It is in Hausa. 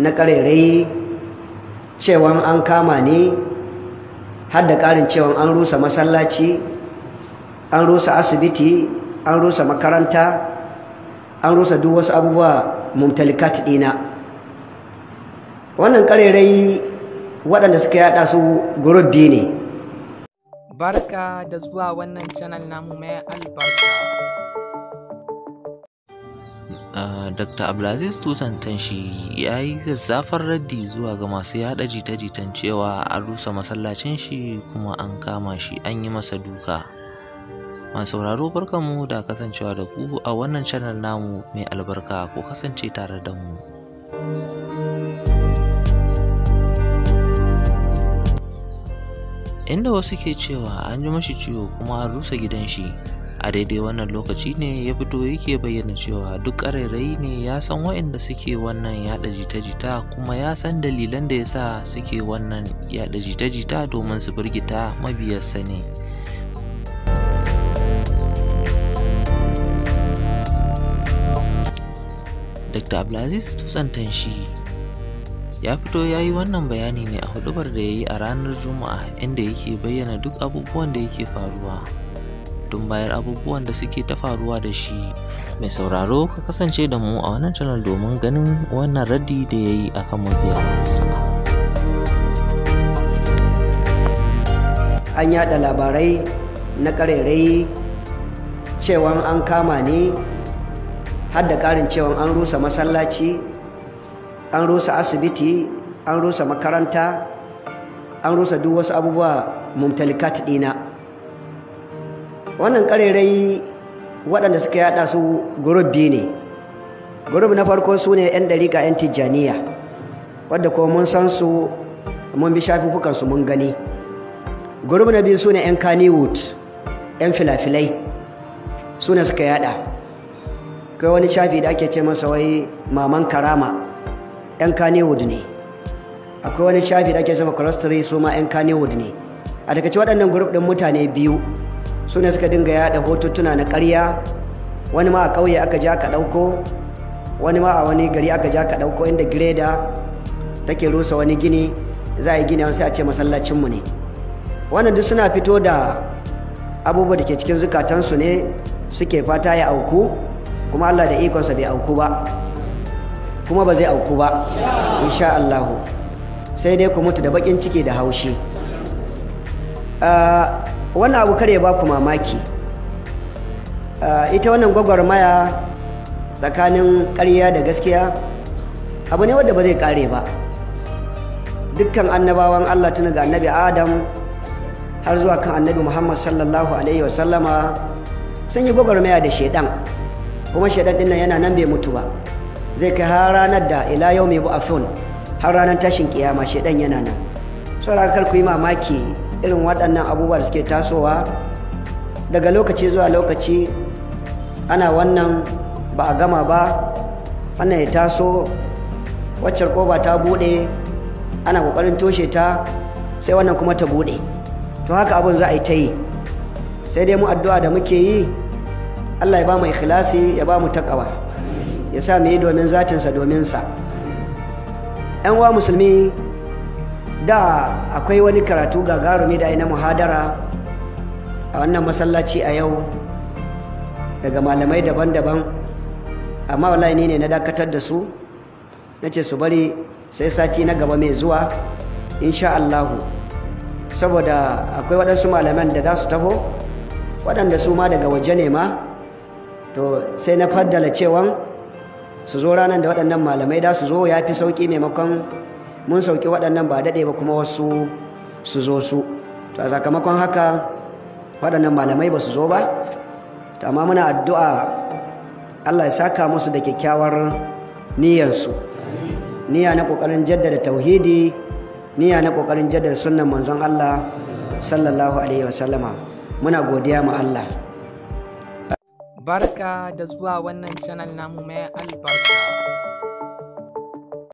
na ƙarairayi cewan an kama ne har da ƙarin cewan an rusa masallaci an rusa asibiti an rusa makaranta an rusa duk wasu abubuwa mumtalikat ɗina wannan ƙarairayi waɗanda suka yaɗa su gurubbi ne barka da zuwa wannan channel namu mai albarka dr abdulaziz tusan tanshi ya yi zazzafar raddi zuwa ga masu yaɗa jita-jitan cewa an rusa masallacin shi kuma an kama shi an yi masa duka masu sauraro barkanmu da kasancewa da ku a wannan canar namu mai albarka ko kasance tare da mu inda wasu ke cewa an ji mashi ciwo kuma an rusa gidan shi a daidai wannan lokaci ne ya fito yake bayyana cewa duk ƙarairayi ne ya san waɗanda suke wannan yaɗa jita-jita kuma ya san dalilan da yasa suke wannan yaɗa jita-jita domin su birgita mabiyarsa ne dr abdulaziz tutsantan shi ya fito ya yi wannan bayani ne a hudubar da ya yi a ranar juma'a inda yake bayyana duk abubuwan da yake faruwa tun bayan abubuwan da suke ta faruwa da shi mai sauraro ka kasance da mu a wannan channel domin ganin wannan raddi da ya yi a akan mabiya an yada labarai na karerai cewan an kama ne har da karin cewan an rusa masallaci an rusa asibiti an rusa makaranta an rusa duk wasu abubuwa mumtalikat dina wannan karerai waɗanda suka yaɗa su biyu ne gurub na farko su ne 'yan ɗariƙa 'yan tijjaniya wadda kuma mun san su mun bi shafi shafukukansu mun gani gurub na biyu su ne 'yan kaniwood 'yan filafilai su ne suka yaɗa kai wani shafi da ake ce masa wai maman karama 'yan kaniwood ne akwai wani shafi da ake sama cholesterol su ma 'yan kaniwood ne a daga waɗannan gurub ɗin mutane biyu su ne suka dinga yada hotuna na ƙarya wani ma a ƙauye aka ja ka ɗauko wani ma a wani gari aka ja ka ɗauko inda gireda take rusa wani gini za a yi gini sai a ce masallacinmu ne wannan duk suna fito da abubuwa da ke cikin zukatansu ne suke fata ya auku kuma Allah da ikonsa bai auku ba kuma ba zai auku ba insha Allahu sai dai ku mutu da bakin ciki da haushi ah, wani abu kare ba ku mamaki ah, ita wannan gwagwarmaya tsakanin karya da gaskiya abu ne wadda ba zai kare ba dukkan annabawan allah tun ga annabi adam har zuwa kan annabi muhammad sallallahu alaihi wasallama sun yi gwagwarmaya da shaidan kuma shaidan dinnan yana nan bai mutu ba zai kai har ranar da ila yau mai bu'afun har ranar tashin kiyama shaidan yana nan saboda kar ku yi mamaki irin waɗannan abubuwa da suke tasowa daga lokaci zuwa lokaci ana wannan ba a gama ba wannan ya taso waccar ƙofa ta buɗe ana ƙoƙarin toshe ta sai wannan kuma ta buɗe to haka abin za a yi ta yi sai dai mu addu'a da muke yi allah ya ba mu ikhlasi ya ba mu takawa ya sa mu yi domin zatinsa domin sa 'yan uwa musulmi da akwai wani karatu gagarumi da na muhadara a wannan masallaci a yau daga malamai daban-daban amma wallahi ni ne na dakatar da su na ce su bari sai sati na gaba mai zuwa insha Allahu saboda akwai waɗansu malaman da za su taho waɗanda su ma daga waje ne ma to sai na faddala cewan su zo ranar da waɗannan malamai da su zo ya fi sauƙi maimakon mun sauki waɗannan ba daɗe ba kuma wasu su zo su to a sakamakon haka waɗannan malamai ba su zo ba to amma muna addu'a Allah ya saka musu da kyakkyawar niyyansu niyya na ƙoƙarin jaddada tauhidi niyya na ƙoƙarin jaddada sunnan manzon Allah sallallahu alaihi wasallama muna godiya ma Allah barka da zuwa wannan channel namu mai albarka